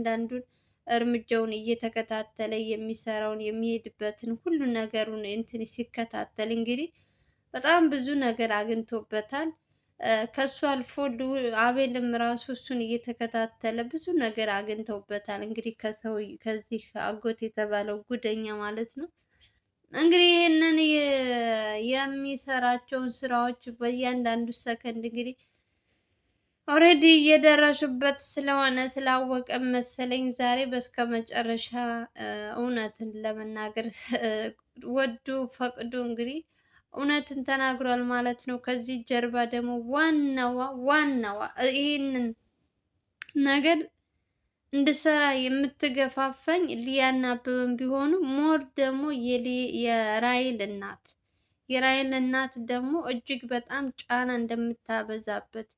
እያንዳንዱን እርምጃውን እየተከታተለ የሚሰራውን የሚሄድበትን ሁሉ ነገሩን እንትን ሲከታተል እንግዲህ በጣም ብዙ ነገር አግኝቶበታል። ከሱ አልፎ አቤልም ራሱ እሱን እየተከታተለ ብዙ ነገር አግኝተውበታል። እንግዲህ ከሰው ከዚህ አጎት የተባለው ጉደኛ ማለት ነው። እንግዲህ ይህንን የሚሰራቸውን ስራዎች በእያንዳንዱ ሰከንድ እንግዲህ ኦልሬዲ እየደረሱበት ስለሆነ ስላወቀ መሰለኝ ዛሬ በስከ መጨረሻ እውነትን ለመናገር ወዶ ፈቅዶ እንግዲህ እውነትን ተናግሯል ማለት ነው። ከዚህ ጀርባ ደግሞ ዋናዋ ዋናዋ ይህንን ነገር እንድሰራ የምትገፋፈኝ ሊያና አበበን ቢሆኑ ሞር ደግሞ የራይል እናት የራይል እናት ደግሞ እጅግ በጣም ጫና እንደምታበዛበት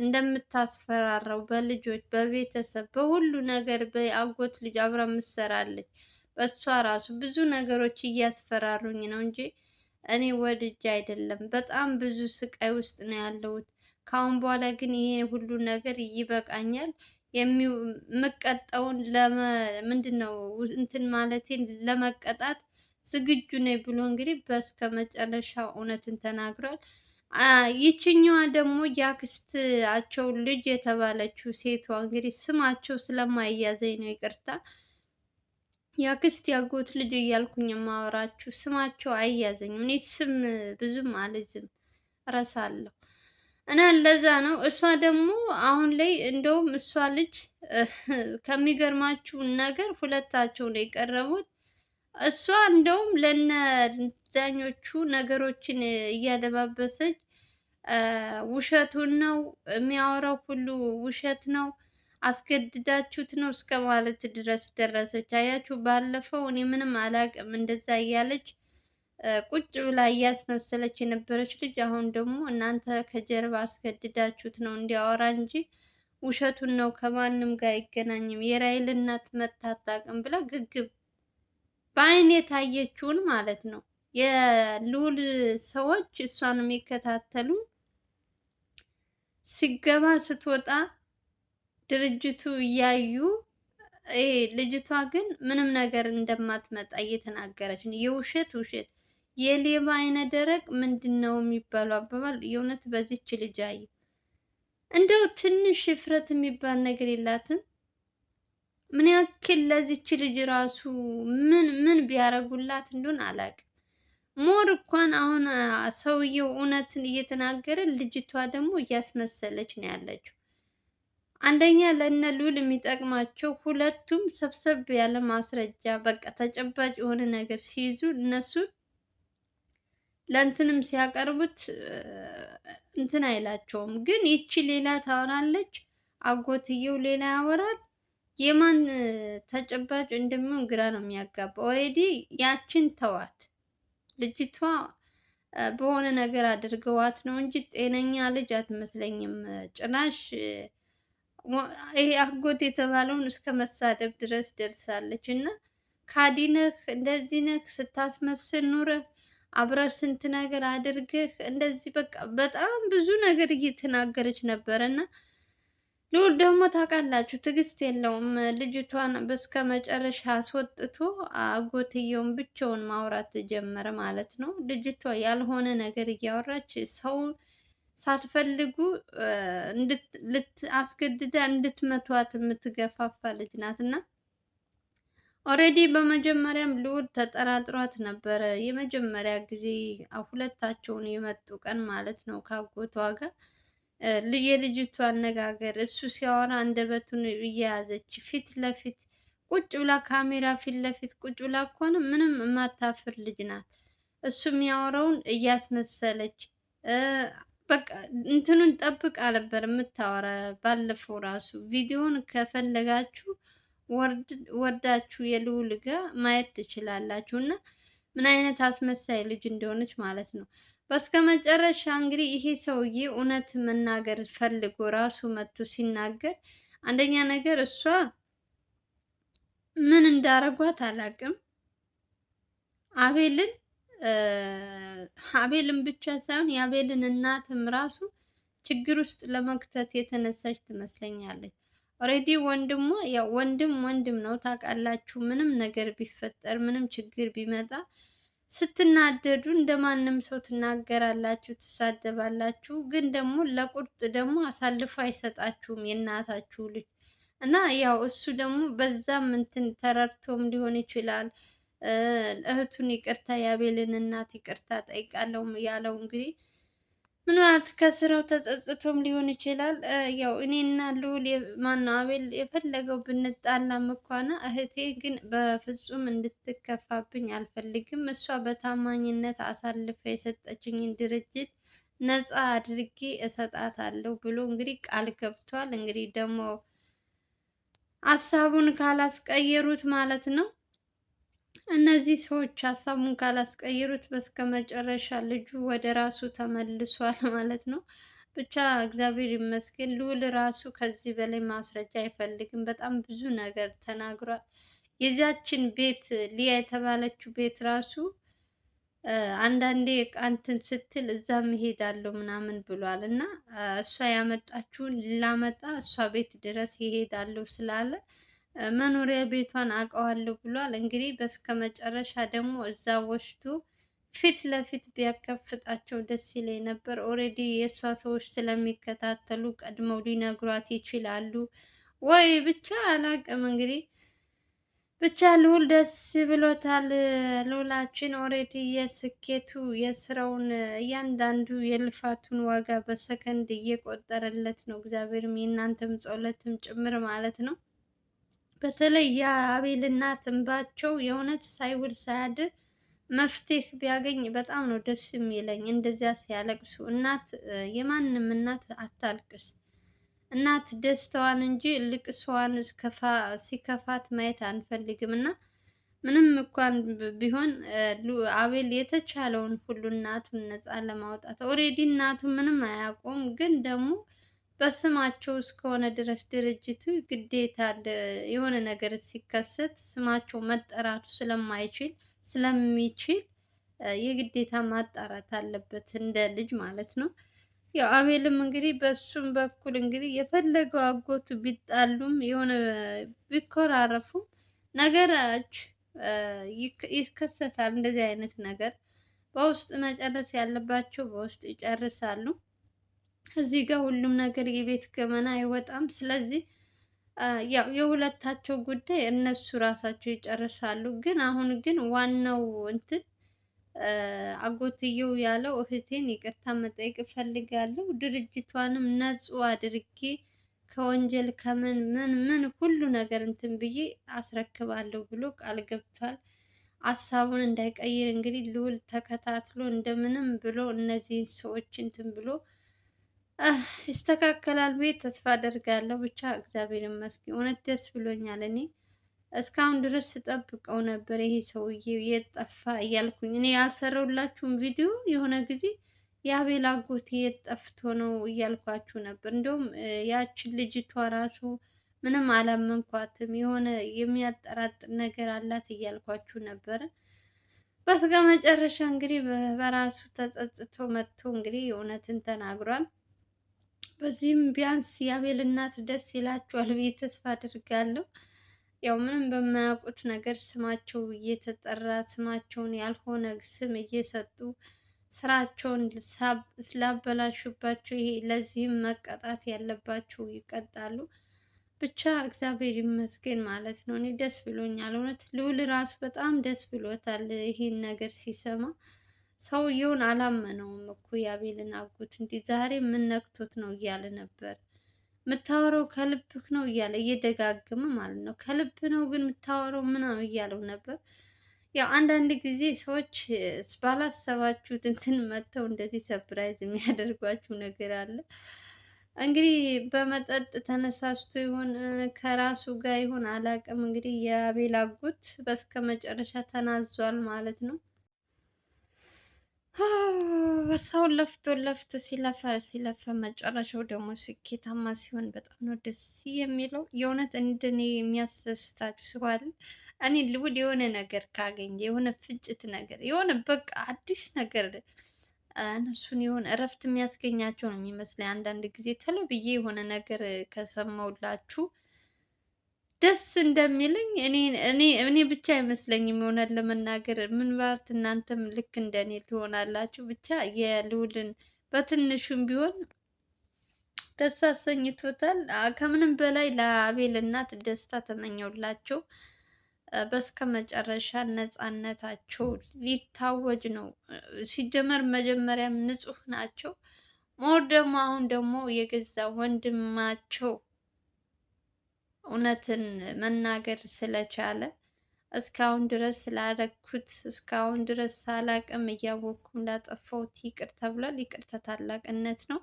እንደምታስፈራራው በልጆች በቤተሰብ በሁሉ ነገር በአጎት ልጅ አብራ ምሰራለች። በእሷ ራሱ ብዙ ነገሮች እያስፈራሩኝ ነው እንጂ እኔ ወድጄ አይደለም። በጣም ብዙ ስቃይ ውስጥ ነው ያለሁት። ከአሁን በኋላ ግን ይሄ ሁሉ ነገር ይበቃኛል። የምቀጣውን ምንድን ነው እንትን ማለቴን ለመቀጣት ዝግጁ ነኝ ብሎ እንግዲህ በስከ መጨረሻ እውነትን ተናግሯል። ይችኛዋ ደግሞ የአክስታቸው ልጅ የተባለችው ሴቷ እንግዲህ ስማቸው ስለማያዘኝ ነው ይቅርታ። ያክስት ያጎት ልጅ እያልኩኝ የማወራችሁ ስማቸው አያዘኝም። እኔ ስም ብዙም አልዝም እረሳለሁ እና ለዛ ነው። እሷ ደግሞ አሁን ላይ እንደውም እሷ ልጅ ከሚገርማችሁ ነገር ሁለታቸው ነው የቀረቡት። እሷ እንደውም ለነዛኞቹ ነገሮችን እያደባበሰች ውሸቱን ነው የሚያወራው፣ ሁሉ ውሸት ነው፣ አስገድዳችሁት ነው እስከ ማለት ድረስ ደረሰች። አያችሁ፣ ባለፈው እኔ ምንም አላቅም እንደዛ እያለች ቁጭ ብላ እያስመሰለች የነበረች ልጅ አሁን ደግሞ እናንተ ከጀርባ አስገድዳችሁት ነው እንዲያወራ እንጂ ውሸቱን ነው ከማንም ጋር አይገናኝም፣ የራይል እናት ብላ ግግብ በአይን የታየችውን ማለት ነው የልዑል ሰዎች እሷን የሚከታተሉ ሲገባ ስትወጣ ድርጅቱ እያዩ ልጅቷ ግን ምንም ነገር እንደማትመጣ እየተናገረች ነው። የውሸት ውሸት የሌባ አይነ ደረቅ ምንድን ነው የሚባለው አባባል የእውነት በዚች ልጅ አየ። እንደው ትንሽ እፍረት የሚባል ነገር የላትም። ምን ያክል ለዚች ልጅ ራሱ ምን ምን ቢያረጉላት እንደሆነ አላቅም። ሞር እንኳን አሁን ሰውየው እውነትን እየተናገረ ልጅቷ ደግሞ እያስመሰለች ነው ያለችው። አንደኛ ለእነ ልዑል የሚጠቅማቸው ሁለቱም ሰብሰብ ያለ ማስረጃ በቃ ተጨባጭ የሆነ ነገር ሲይዙ እነሱ ለእንትንም ሲያቀርቡት እንትን አይላቸውም። ግን ይቺ ሌላ ታወራለች፣ አጎትየው ሌላ ያወራል። የማን ተጨባጭ እንደሚሆን ግራ ነው የሚያጋባ። ኦሬዲ ያችን ተዋት ልጅቷ በሆነ ነገር አድርገዋት ነው እንጂ ጤነኛ ልጅ አትመስለኝም። ጭራሽ ይሄ አጎት የተባለውን እስከ መሳደብ ድረስ ደርሳለች። እና ካዲነህ እንደዚህ ነህ ስታስመስል ኑረህ አብረህ ስንት ነገር አድርገህ እንደዚህ በቃ በጣም ብዙ ነገር እየተናገረች ነበረ እና ልዑል ደግሞ ታውቃላችሁ ትዕግስት የለውም። ልጅቷን በስከ መጨረሻ አስወጥቶ አጎትየውን ብቻውን ማውራት ጀመረ ማለት ነው። ልጅቷ ያልሆነ ነገር እያወራች ሰው ሳትፈልጉ አስገድዳ እንድትመቷት የምትገፋፋ ልጅ ናት እና ኦልሬዲ በመጀመሪያም ልዑል ተጠራጥሯት ነበረ። የመጀመሪያ ጊዜ ሁለታቸውን የመጡ ቀን ማለት ነው ከአጎቷ ጋር የልጅቱ አነጋገር እሱ ሲያወራ አንደበቱን እየያዘች ፊት ለፊት ቁጭ ብላ ካሜራ ፊት ለፊት ቁጭ ብላ ከሆነ ምንም የማታፍር ልጅ ናት። እሱ የሚያወራውን እያስመሰለች በቃ እንትኑን ጠብቅ አልነበር የምታወራ። ባለፈው ራሱ ቪዲዮውን ከፈለጋችሁ ወርዳችሁ የልዑል ጋ ማየት ትችላላችሁ እና ምን አይነት አስመሳይ ልጅ እንደሆነች ማለት ነው። በስከ መጨረሻ እንግዲህ ይሄ ሰውዬ እውነት መናገር ፈልጎ ራሱ መጥቶ ሲናገር፣ አንደኛ ነገር እሷ ምን እንዳረጓት አላውቅም። አቤልን አቤልን ብቻ ሳይሆን የአቤልን እናትም ራሱ ችግር ውስጥ ለመክተት የተነሳች ትመስለኛለች። ኦልሬዲ ወንድሟ ያው ወንድም ወንድም ነው ታውቃላችሁ። ምንም ነገር ቢፈጠር ምንም ችግር ቢመጣ ስትናደዱ እንደማንም ሰው ትናገራላችሁ፣ ትሳደባላችሁ። ግን ደግሞ ለቁርጥ ደግሞ አሳልፎ አይሰጣችሁም የእናታችሁ ልጅ እና ያው እሱ ደግሞ በዛም እንትን ተረድቶም ሊሆን ይችላል። እህቱን ይቅርታ ያቤልን እናት ይቅርታ ጠይቃለሁ ያለው እንግዲህ ምናልባት ከስራው ተጸጽቶም ሊሆን ይችላል። ያው እኔና ልዑል ማነው አቤል የፈለገው ብንጣላም እኳና እህቴ ግን በፍጹም እንድትከፋብኝ አልፈልግም። እሷ በታማኝነት አሳልፋ የሰጠችኝን ድርጅት ነፃ አድርጌ እሰጣታለሁ ብሎ እንግዲህ ቃል ገብቷል። እንግዲህ ደግሞ ሀሳቡን ካላስቀየሩት ማለት ነው እነዚህ ሰዎች ሀሳቡን ካላስቀየሩት በስከ መጨረሻ ልጁ ወደ ራሱ ተመልሷል ማለት ነው። ብቻ እግዚአብሔር ይመስገን። ልዑል ራሱ ከዚህ በላይ ማስረጃ አይፈልግም። በጣም ብዙ ነገር ተናግሯል። የዚያችን ቤት ሊያ የተባለችው ቤት ራሱ አንዳንዴ ቃንትን ስትል እዛ መሄዳለሁ ምናምን ብሏል እና እሷ ያመጣችውን ላመጣ እሷ ቤት ድረስ ይሄዳለሁ ስላለ መኖሪያ ቤቷን አውቀዋለሁ ብሏል። እንግዲህ በስከ መጨረሻ ደግሞ እዛ ወስዶ ፊት ለፊት ቢያከፍጣቸው ደስ ይለኝ ነበር። ኦሬዲ የእሷ ሰዎች ስለሚከታተሉ ቀድመው ሊነግሯት ይችላሉ ወይ ብቻ አላቅም እንግዲህ ብቻ ልውል ደስ ብሎታል። ልውላችን ኦሬዲ የስኬቱ የስራውን እያንዳንዱ የልፋቱን ዋጋ በሰከንድ እየቆጠረለት ነው። እግዚአብሔርም የእናንተም ጸሎትም ጭምር ማለት ነው። በተለይ የአቤል እናት እንባቸው የእውነት ሳይውል ሳያድር መፍትሄ ቢያገኝ በጣም ነው ደስ የሚለኝ። እንደዚያ ሲያለቅሱ እናት የማንም እናት አታልቅስ። እናት ደስታዋን እንጂ ልቅሷን ሲከፋት ማየት አንፈልግም እና ምንም እንኳን ቢሆን አቤል የተቻለውን ሁሉ እናቱን ነፃ ለማውጣት ኦሬዲ እናቱ ምንም አያውቁም ግን ደግሞ በስማቸው እስከሆነ ድረስ ድርጅቱ ግዴታ የሆነ ነገር ሲከሰት ስማቸው መጠራቱ ስለማይችል ስለሚችል የግዴታ ማጣራት አለበት፣ እንደ ልጅ ማለት ነው። ያው አቤልም እንግዲህ በሱም በኩል እንግዲህ የፈለገው አጎቱ ቢጣሉም የሆነ ቢኮራረፉም ነገራች ይከሰታል። እንደዚህ አይነት ነገር በውስጥ መጨረስ ያለባቸው በውስጥ ይጨርሳሉ። እዚህ ጋር ሁሉም ነገር የቤት ገመና አይወጣም። ስለዚህ ያው የሁለታቸው ጉዳይ እነሱ ራሳቸው ይጨርሳሉ። ግን አሁን ግን ዋናው እንትን አጎትየው ያለው እህቴን ይቅርታ መጠየቅ እፈልጋለሁ፣ ድርጅቷንም ነጹ አድርጌ ከወንጀል ከምን ምን ምን ሁሉ ነገር እንትን ብዬ አስረክባለሁ ብሎ ቃል ገብቷል። ሀሳቡን እንዳይቀይር እንግዲህ ልዑል ተከታትሎ እንደምንም ብሎ እነዚህን ሰዎች እንትን ብሎ ይስተካከላል ብዬ ተስፋ አደርጋለሁ። ብቻ እግዚአብሔር ይመስገን እውነት ደስ ብሎኛል። እኔ እስካሁን ድረስ ስጠብቀው ነበር ይሄ ሰውዬ የት ጠፋ እያልኩኝ እኔ ያልሰራሁላችሁም ቪዲዮ የሆነ ጊዜ የአቤል አጎት የት ጠፍቶ ነው እያልኳችሁ ነበር። እንደውም ያችን ልጅቷ ራሱ ምንም አላመንኳትም፣ የሆነ የሚያጠራጥር ነገር አላት እያልኳችሁ ነበረ። በስጋ መጨረሻ እንግዲህ በራሱ ተጸጽቶ መጥቶ እንግዲህ እውነትን ተናግሯል። በዚህም ቢያንስ የአቤል እናት ደስ ይላቸዋል ብዬ ተስፋ አድርጋለሁ። ያው ምንም በማያውቁት ነገር ስማቸው እየተጠራ ስማቸውን ያልሆነ ስም እየሰጡ ስራቸውን ስላበላሹባቸው ይሄ ለዚህም መቀጣት ያለባቸው ይቀጣሉ። ብቻ እግዚአብሔር ይመስገን ማለት ነው። እኔ ደስ ብሎኛል እውነት ልዑል ራሱ በጣም ደስ ብሎታል ይህን ነገር ሲሰማ። ሰውየውን አላመነውም እኮ የአቤልን አጎት እንዲህ ዛሬ ምን ነክቶት ነው እያለ ነበር። የምታወራው ከልብህ ነው እያለ እየደጋገመ ማለት ነው። ከልብ ነው ግን የምታወራው ምናምን እያለው ነበር። ያው አንዳንድ ጊዜ ሰዎች ባላሰባችሁት እንትን መጥተው እንደዚህ ሰፕራይዝ የሚያደርጓችሁ ነገር አለ። እንግዲህ በመጠጥ ተነሳስቶ ይሆን ከራሱ ጋር ይሆን አላውቅም። እንግዲህ የአቤል አጎት በስከ መጨረሻ ተናዟል ማለት ነው። ሰው ለፍቶ ለፍቶ ሲለፋ ሲለፋ መጨረሻው ደግሞ ስኬታማ ሲሆን በጣም ነው ደስ የሚለው። የእውነት እንደኔ የሚያስደስታችሁ ሰው እኔ ልውል የሆነ ነገር ካገኝ የሆነ ፍጭት ነገር የሆነ በቃ አዲስ ነገር እነሱን የሆነ እረፍት የሚያስገኛቸው ነው የሚመስለኝ። አንዳንድ ጊዜ ተለብዬ የሆነ ነገር ከሰማሁላችሁ ደስ እንደሚለኝ እኔ ብቻ አይመስለኝም። የሆነ ለመናገር ምናልባት እናንተም ልክ እንደኔ ትሆናላችሁ። ብቻ የልውልን በትንሹም ቢሆን ደስ አሰኝቶታል። ከምንም በላይ ለአቤል እናት ደስታ ተመኘውላቸው። በስከ መጨረሻ ነፃነታቸው ሊታወጅ ነው። ሲጀመር መጀመሪያም ንጹህ ናቸው። ሞር ደግሞ አሁን ደግሞ የገዛ ወንድማቸው እውነትን መናገር ስለቻለ እስካሁን ድረስ ስላደረግኩት እስካሁን ድረስ ሳላቅም እያወቅኩ እንዳጠፋሁት ይቅር ተብሏል። ይቅርታ ታላቅነት ነው።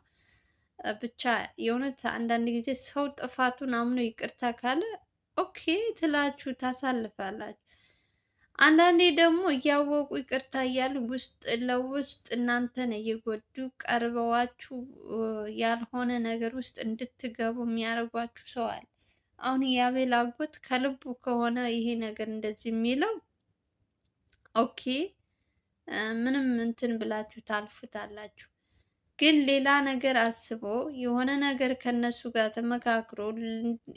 ብቻ የእውነት አንዳንድ ጊዜ ሰው ጥፋቱን አምኖ ይቅርታ ካለ ኦኬ ትላችሁ ታሳልፋላችሁ። አንዳንዴ ደግሞ እያወቁ ይቅርታ እያሉ ውስጥ ለውስጥ እናንተን እየጎዱ ቀርበዋችሁ ያልሆነ ነገር ውስጥ እንድትገቡ የሚያደርጓችሁ ሰው አለ። አሁን የአቤል አጎት ከልቡ ከሆነ ይሄ ነገር እንደዚህ የሚለው ኦኬ፣ ምንም እንትን ብላችሁ ታልፉታላችሁ። ግን ሌላ ነገር አስቦ የሆነ ነገር ከነሱ ጋር ተመካክሮ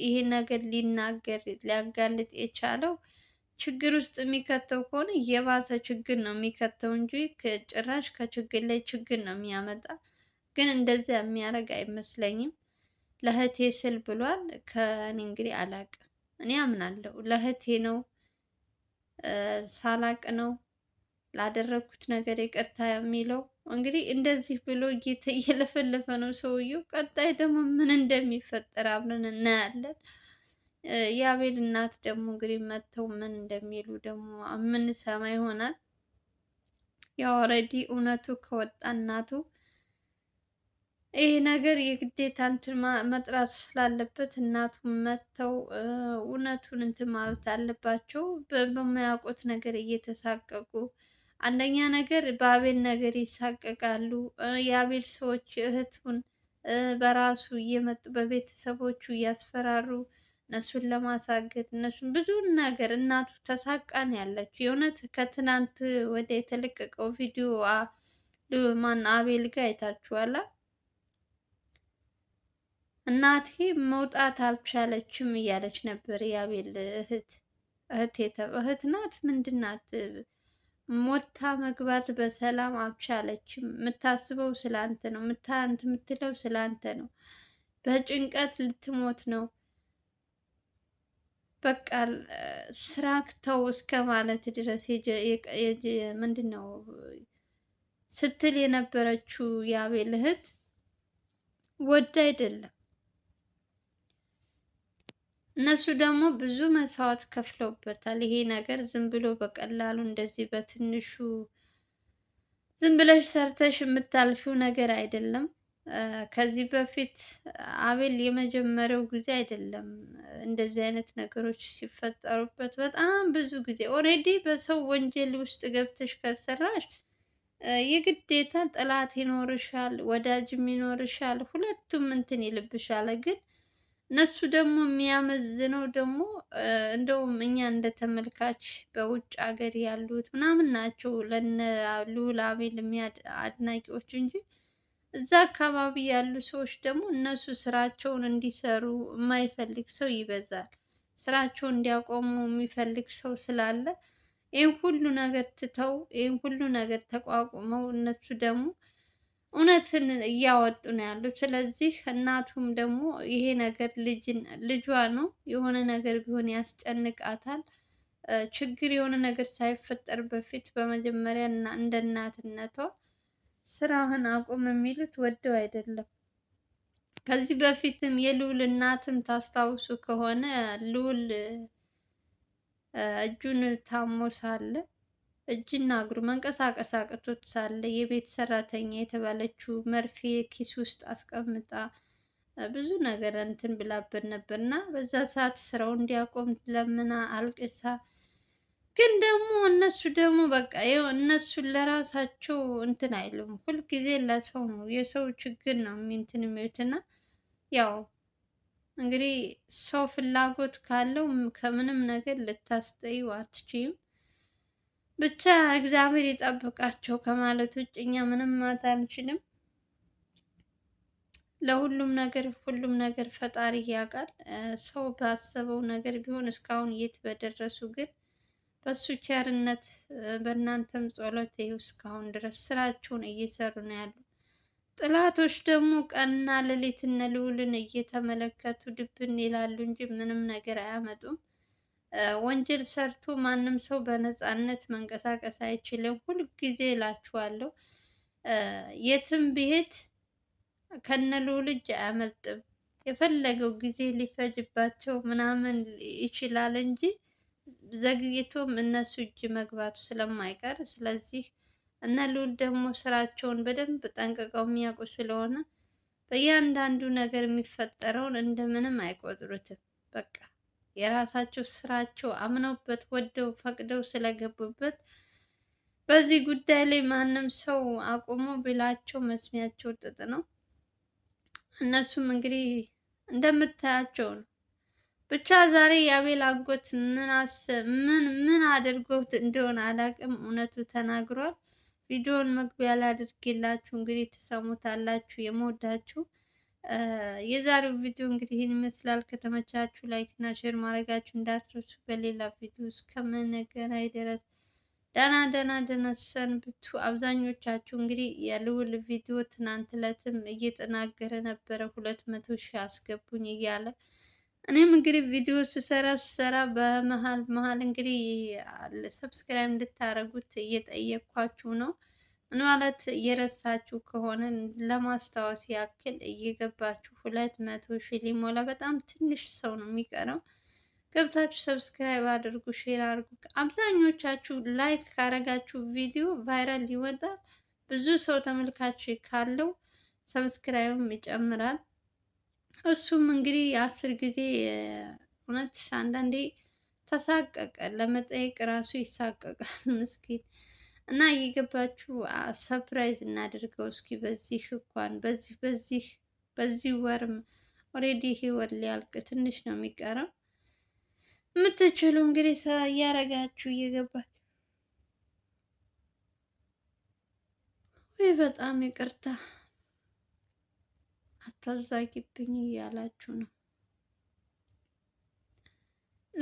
ይሄ ነገር ሊናገር ሊያጋልጥ የቻለው ችግር ውስጥ የሚከተው ከሆነ የባሰ ችግር ነው የሚከተው እንጂ ጭራሽ ከችግር ላይ ችግር ነው የሚያመጣ። ግን እንደዚያ የሚያደርግ አይመስለኝም። ለህቴ ስል ብሏል። ከእኔ እንግዲህ አላቅም። እኔ አምናለሁ ለህቴ ነው ሳላቅ ነው ላደረግኩት ነገር ይቅርታ የሚለው እንግዲህ እንደዚህ ብሎ እየለፈለፈ ነው ሰውየው። ቀጣይ ደግሞ ምን እንደሚፈጠር አብረን እናያለን። የአቤል እናት ደግሞ እንግዲህ መጥተው ምን እንደሚሉ ደግሞ የምንሰማ ይሆናል። ያው ኦልሬዲ እውነቱ ከወጣ እናቱ ይህ ነገር የግዴታ እንትን መጥራት ስላለበት እናቱ መጥተው እውነቱን እንትን ማለት አለባቸው። በማያውቁት ነገር እየተሳቀቁ አንደኛ ነገር በአቤል ነገር ይሳቀቃሉ። የአቤል ሰዎች እህቱን በራሱ እየመጡ በቤተሰቦቹ እያስፈራሩ እነሱን ለማሳገድ እነሱን ብዙ ነገር እናቱ ተሳቃን ያለችው የእውነት ከትናንት ወደ የተለቀቀው ቪዲዮ ማን አቤል ጋር አይታችኋላ? እናቴ መውጣት አልቻለችም እያለች ነበር የአቤል እህት እህት እህት ናት ምንድን ናት? ሞታ መግባት በሰላም አልቻለችም። የምታስበው ስለ አንተ ነው። ምታንት የምትለው ስለ አንተ ነው። በጭንቀት ልትሞት ነው። በቃ ስራ ክተው እስከ ማለት ድረስ ምንድን ነው ስትል የነበረችው የአቤል እህት ወድ አይደለም እነሱ ደግሞ ብዙ መስዋዕት ከፍለውበታል። ይሄ ነገር ዝም ብሎ በቀላሉ እንደዚህ በትንሹ ዝም ብለሽ ሰርተሽ የምታልፊው ነገር አይደለም። ከዚህ በፊት አቤል የመጀመሪያው ጊዜ አይደለም እንደዚህ አይነት ነገሮች ሲፈጠሩበት፣ በጣም ብዙ ጊዜ ኦልሬዲ በሰው ወንጀል ውስጥ ገብተሽ ከሰራሽ የግዴታ ጠላት ይኖርሻል፣ ወዳጅም ይኖርሻል፣ ሁለቱም እንትን ይልብሻል ግን እነሱ ደግሞ የሚያመዝነው ደግሞ እንደውም እኛ እንደ ተመልካች በውጭ ሀገር ያሉት ምናምን ናቸው ለነ ልዑል አቤል አድናቂዎች እንጂ እዛ አካባቢ ያሉ ሰዎች ደግሞ እነሱ ስራቸውን እንዲሰሩ የማይፈልግ ሰው ይበዛል። ስራቸውን እንዲያቆሙ የሚፈልግ ሰው ስላለ ይህን ሁሉ ነገር ትተው ይህን ሁሉ ነገር ተቋቁመው እነሱ ደግሞ እውነትን እያወጡ ነው ያሉት። ስለዚህ እናቱም ደግሞ ይሄ ነገር ልጇ ነው፣ የሆነ ነገር ቢሆን ያስጨንቃታል። ችግር የሆነ ነገር ሳይፈጠር በፊት በመጀመሪያ እንደ እናትነቷ ስራህን አቁም የሚሉት ወደው አይደለም። ከዚህ በፊትም የልዑል እናትም ታስታውሱ ከሆነ ልዑል እጁን ታሞ ሳለ እጅና እግሩ መንቀሳቀስ አቅቶት ሳለ የቤት ሰራተኛ የተባለችው መርፌ ኪስ ውስጥ አስቀምጣ ብዙ ነገር እንትን ብላበት ነበር እና በዛ ሰዓት ስራው እንዲያቆም ለምና አልቅሳ ግን ደግሞ እነሱ ደግሞ በቃ ይኸው እነሱ ለራሳቸው እንትን አይሉም። ሁልጊዜ ለሰው ነው የሰው ችግር ነው እንትን የሚሉት እና ያው እንግዲህ ሰው ፍላጎት ካለው ከምንም ነገር ልታስጠይው አትችይም። ብቻ እግዚአብሔር ይጠብቃቸው ከማለት ውጭ እኛ ምንም ማለት አንችልም። ለሁሉም ነገር ሁሉም ነገር ፈጣሪ ያውቃል። ሰው ባሰበው ነገር ቢሆን እስካሁን የት በደረሱ ግን በሱ ቸርነት በእናንተም ጸሎት ይኸው እስካሁን ድረስ ስራቸውን እየሰሩ ነው ያሉ። ጥላቶች ደግሞ ቀንና ሌሊት እነ ልዑልን እየተመለከቱ ድብን ይላሉ እንጂ ምንም ነገር አያመጡም። ወንጀል ሰርቶ ማንም ሰው በነፃነት መንቀሳቀስ አይችልም። ሁልጊዜ እላችኋለሁ የትም ብሄድ ከነሉ ልጅ አያመልጥም። የፈለገው ጊዜ ሊፈጅባቸው ምናምን ይችላል እንጂ ዘግይቶም እነሱ እጅ መግባቱ ስለማይቀር ስለዚህ እነ ልዑል ደግሞ ስራቸውን በደንብ ጠንቅቀው የሚያውቁ ስለሆነ በእያንዳንዱ ነገር የሚፈጠረውን እንደምንም አይቆጥሩትም። በቃ የራሳቸው ስራቸው አምነውበት ወደው ፈቅደው ስለገቡበት በዚህ ጉዳይ ላይ ማንም ሰው አቁሞ ቢላቸው መስሚያቸው ጥጥ ነው። እነሱም እንግዲህ እንደምታያቸው ነው። ብቻ ዛሬ የአቤል አጎት ምን ምን አድርጎት እንደሆነ አላቅም። እውነቱ ተናግሯል። ቪዲዮውን መግቢያ ላይ አድርጌላችሁ እንግዲህ ትሰሙታላችሁ የመወዳችሁ የዛሬው ቪዲዮ እንግዲህ ይህን ይመስላል። ከተመቻችሁ ላይክ እና ሼር ማድረጋችሁ እንዳትረሱ። በሌላ ቪዲዮ እስከምንገናኝ ድረስ ደህና ደህና ደህና ሰንብቱ። አብዛኞቻችሁ እንግዲህ የልዑል ቪዲዮ ትናንት ዕለትም እየተናገረ ነበረ ሁለት መቶ ሺህ አስገቡኝ እያለ እኔም እንግዲህ ቪዲዮ ስሰራ ስሰራ በመሀል መሀል እንግዲህ ሰብስክራይብ እንድታደርጉት እየጠየኳችሁ ነው። ምናልባት የረሳችሁ ከሆነ ለማስታወስ ያክል እየገባችሁ ሁለት መቶ ሺህ ሊሞላ በጣም ትንሽ ሰው ነው የሚቀረው። ገብታችሁ ሰብስክራይብ አድርጉ፣ ሼር አድርጉ። አብዛኞቻችሁ ላይክ ካረጋችሁ ቪዲዮ ቫይራል ይወጣል። ብዙ ሰው ተመልካች ካለው ሰብስክራይብም ይጨምራል። እሱም እንግዲህ አስር ጊዜ እውነት አንዳንዴ ተሳቀቀ ለመጠየቅ ራሱ ይሳቀቃል ምስኪን እና እየገባችሁ ሰፕራይዝ እናድርገው እስኪ በዚህ እንኳን በዚህ በዚህ በዚህ ወርም ኦሬዲ ይሄ ወር ሊያልቅ ትንሽ ነው የሚቀረው። የምትችሉ እንግዲህ ስራ እያረጋችሁ እየገባችሁ ወይ በጣም ይቅርታ አታዛጊብኝ እያላችሁ ነው።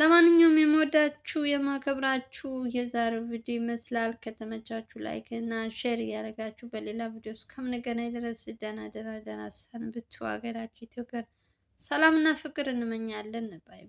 ለማንኛውም የምወዳችሁ የማከብራችሁ የዛሬው ቪዲዮ ይመስላል። ከተመቻችሁ ላይክ እና ሼር እያደረጋችሁ በሌላ ቪዲዮ እስከምንገናኝ ድረስ ደህና ደህና ደህና ሰንብቱ። ሀገራችሁ ኢትዮጵያ ሰላምና ፍቅር እንመኛለን። ባይ ባይ።